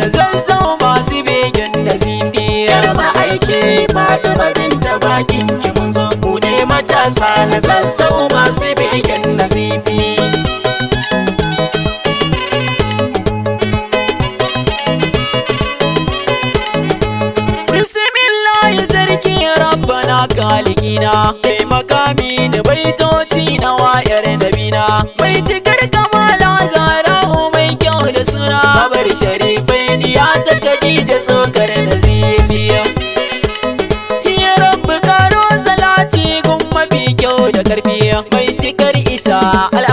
na zanzan masu begen da zifi Yarma aiki Fatima binta bakin ki mun zo bude matasa na zanzan masu begen da zifi Bismillahi sarki rabbana kalikina Ah, hola.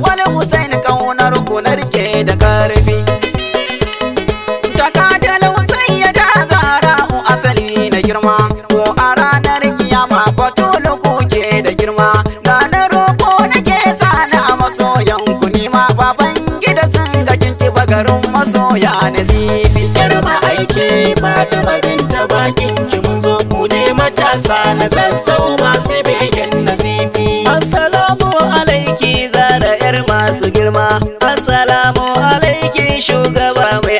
wale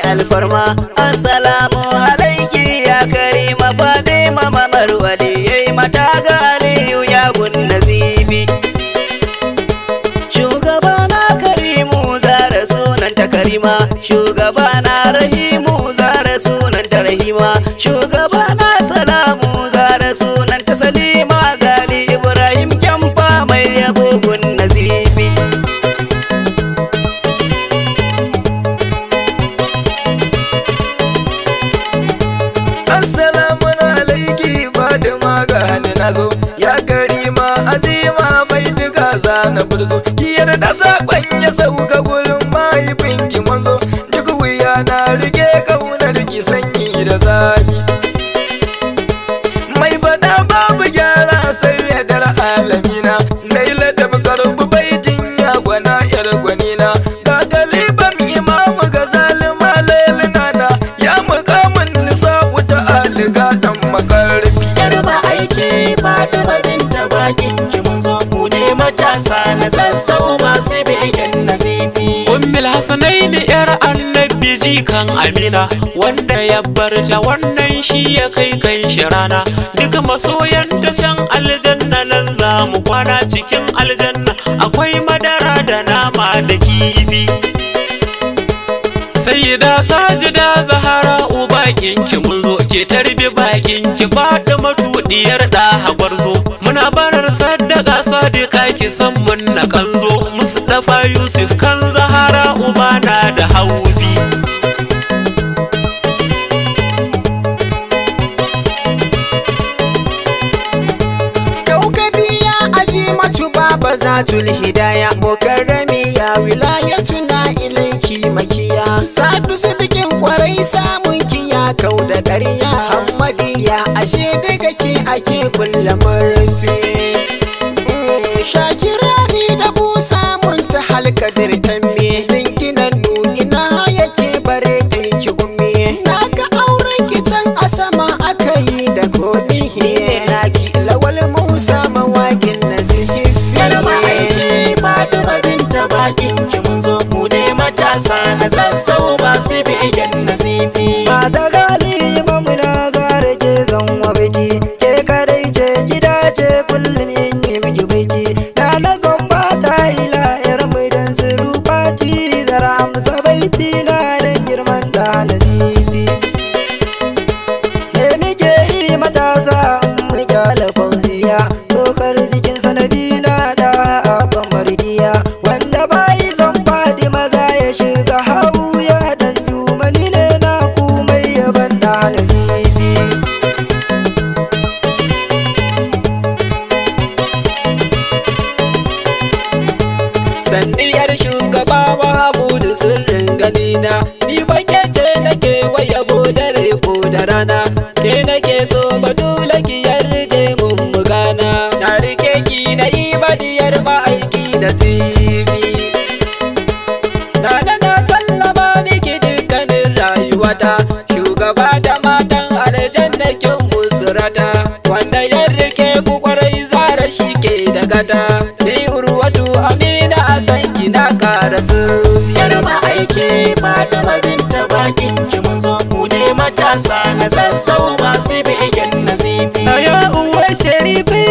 alfarma assalamu alaiki ya karima fadima mamar yayi mata ga aliyu ya gunna zibi shugaba na karimu zara sunan ta karima shugaba na rahimu zara sunan ta rahima shugaba na salamu zara sunan ta salima. sakon ya sauka gulma Husaini yar annabi jikan Amina wanda ya barta wannan shi ya kai kai shi rana duk masoyan tashan can aljanna nan za mu kwana cikin aljanna akwai madara da nama da kifi Sayyida Sajida Zahara bakinki ki mun zo ke tarbi bakinki ba da matudiyar da hagwar zo muna barar sadaka sadika ki san mun na kanzo mustafa yusuf kan zahara ubana da haubi Baba zatul hidaya, bokarami ya wilayatuna ilinki makiya, sadu su kwarai samun kiya kau da ƙarya hammadiya ashe daga ke ake kulla murfi mm, shakirari da bu samun ta halkadar tamme dinkinan na yake bare kai ki gumi na ga auren ki can a sama aka yi da koɗi na ki lawal musa mawakin na zihifi yarma aiki ba da barin bakin ki mun zo mu ne matasa na zazzabi Madagascar.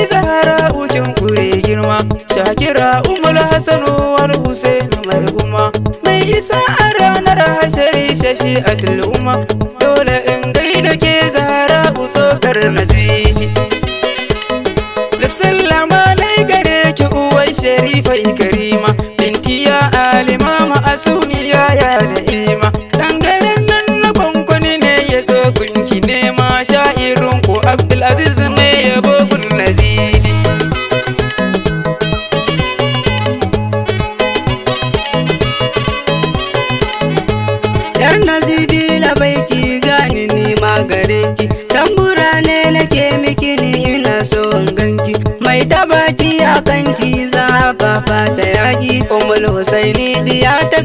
zahara ukin kure girma shakira umul hasanu wal husain marhuma mai isa a ranar hashari a umma dole in gaida ke zahara utsokar nazihi lissallama lai gare ki uwai sharifa karima ya alima ma'asu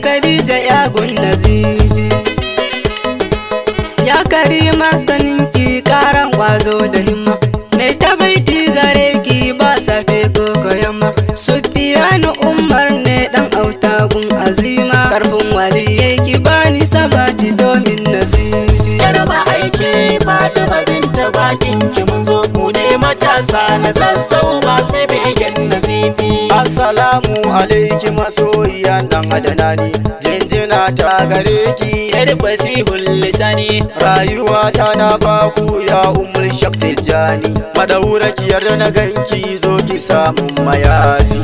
Khadija ya nazibi Ya karima sanin ki karan kwazo da himma Mai ta baiti gare ki ba safe ko Su Sufiyanu Umar ne dan autagun azima Karfin waliyai yake bani sabati domin nazibi Yarba aiki Fatima ta bakin ki mun zo mu ne matasa na zazzau ba su begen nazibi assalamu alaiki masoya dan adanani jinjina ta gare ki yar fasihul lisani rayuwa ta na baku ya umul jani madaura ki yar na ganki zo ki samu mayafi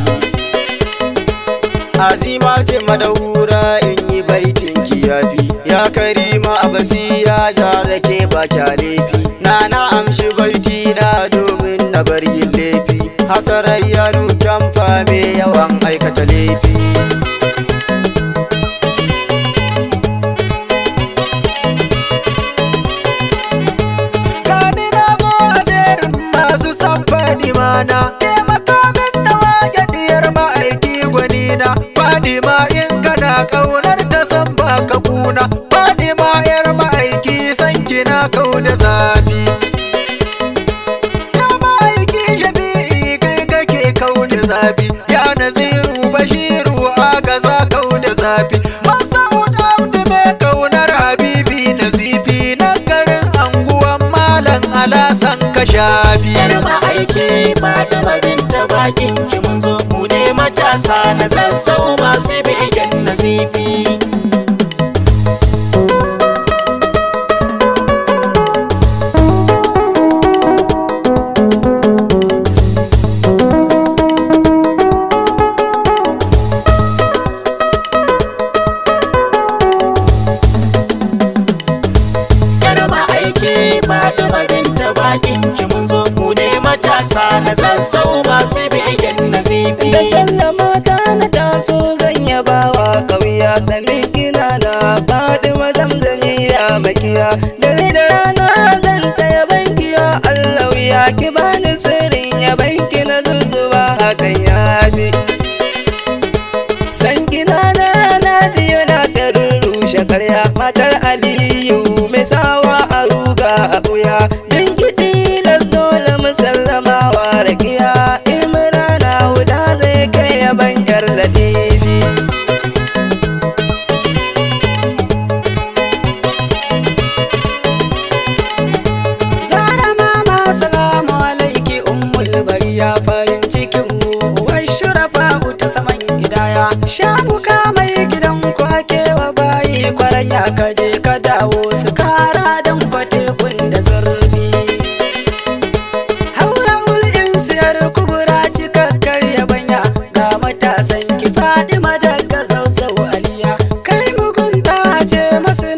azima ce madaura in yi baitin ki yafi ya karima abasiya da rake ba kyalefi na na amshi baiti na domin na bar yin laifi hasarar yaro famfa mai yawan aikata laifi kani na zo a jerin masu san faɗi mana ka sha biyu ma aiki Fatima ta bakin ki mun zo mu ne matasa na zazzau masu biyayyen nazifi daɗin ki mun zo ne matasa na zazzau masu biyayyen nazifi da sallama ta na taso zan yaba wa ƙauya sanin kina na faɗi mazamzami ya makiya dare da rana zan taya banki allah ya ki bani sirrin ya banki na zuzuba hakan ya fi san kina na naji yana garin rushe karya matar aliyu mai sawa a ruga a ɓuya sanya ka je ka dawo su kara don kwatekun da zurfi hauren hulɗin siyar kubura cikakkar yabanya ga matasan ki faɗi madaga zauzau aliya kai mugun ta ce masu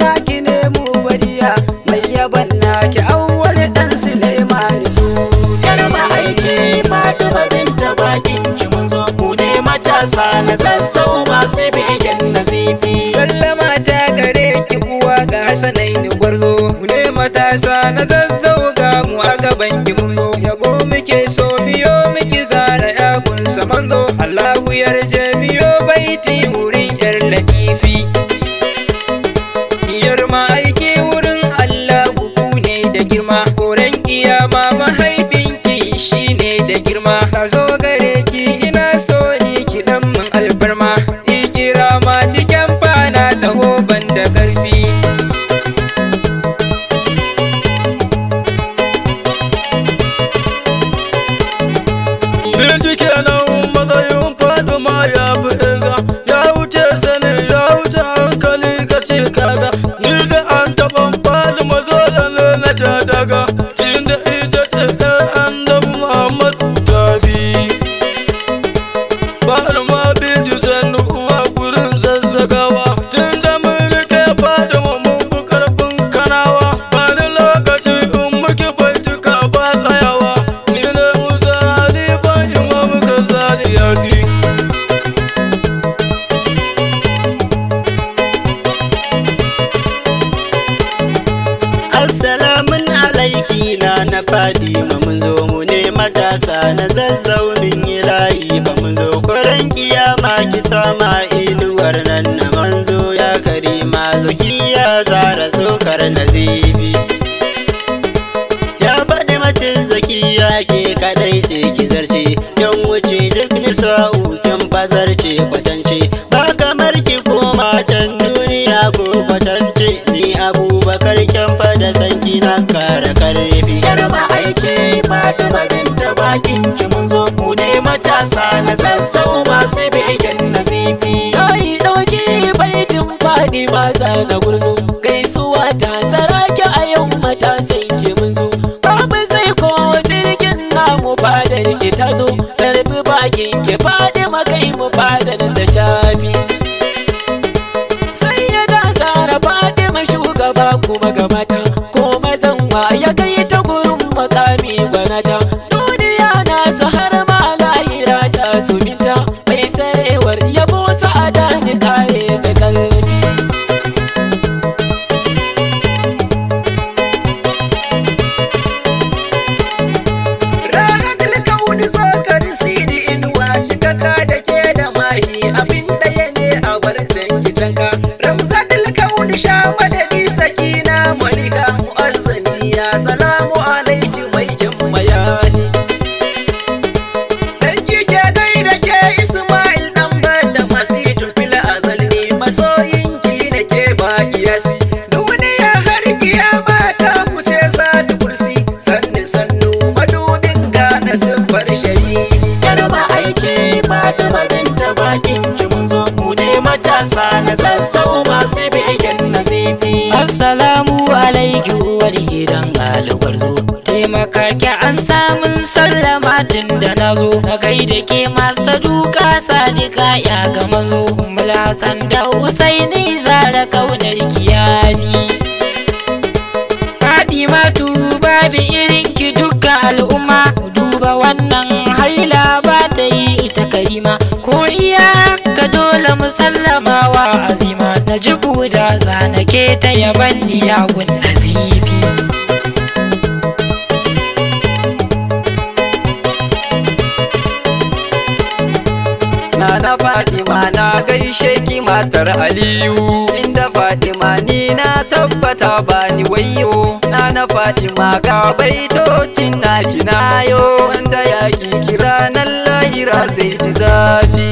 ne mu wariya mai yaban ki awwal dan sulemani su karba aiki ma duba ta bakin ki mun zo ku ne matasa na zazzau masu begen nazifi sallama matasa na yi gwarzo mu ne matasa na zan sama inuwar nan na manzo ya karima zakiya zara sokar nazibi ya faɗi matin zakiya ke kaɗai ce ki zarce yan wuce duk nisa'u bazar bazarce kwatance ba kamar ki koma can duniya ko kwatance ni abubakar kyan fada sanki na kara karfi yarba aiki fatima binta bakin ki mun zo mu ne matasa na zazzau masu not gurzo da nazo na kai da ke masa duka sadika ya ga manzo san da usaini zara kaunar kiyani faɗi matu babi irin ki duka al'umma duba wannan haila ba ta yi ita karima ko iya ka dole musallama wa azima na jibu da zanake ta yaban gun azibi na Fatima na gaishe ki matar Aliyu inda Fatima ni na tabbata ba ni wayo na na Fatima ga tin na kinayo wanda ya kira nan lahira zai ji zafi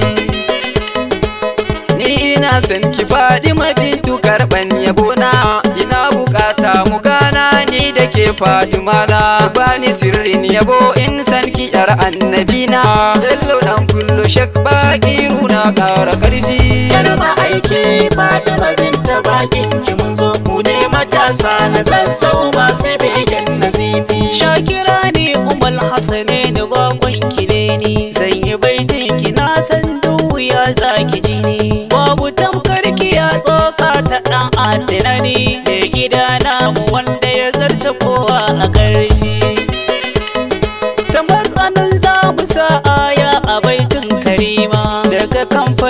ni ina san ki Fatima bintu karban yabona ina bukata mu gana ni da ke Fatima na bani sirrin yabo in san kiɗar annabina bello dan kullu shak baki runa ƙara ƙarfi ba aiki ba da babinta bakin ki mun zo mu ne matasa na zazzau masu begen nazifi shakira ne umar hasane da bakon ki ne ni zan yi baitin ki na san wuya, za ki ji ni babu tamkar ki ya tsoka ta dan adana ni da gida namu wanda ya zarce kowa a ƙarfi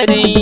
Gracias.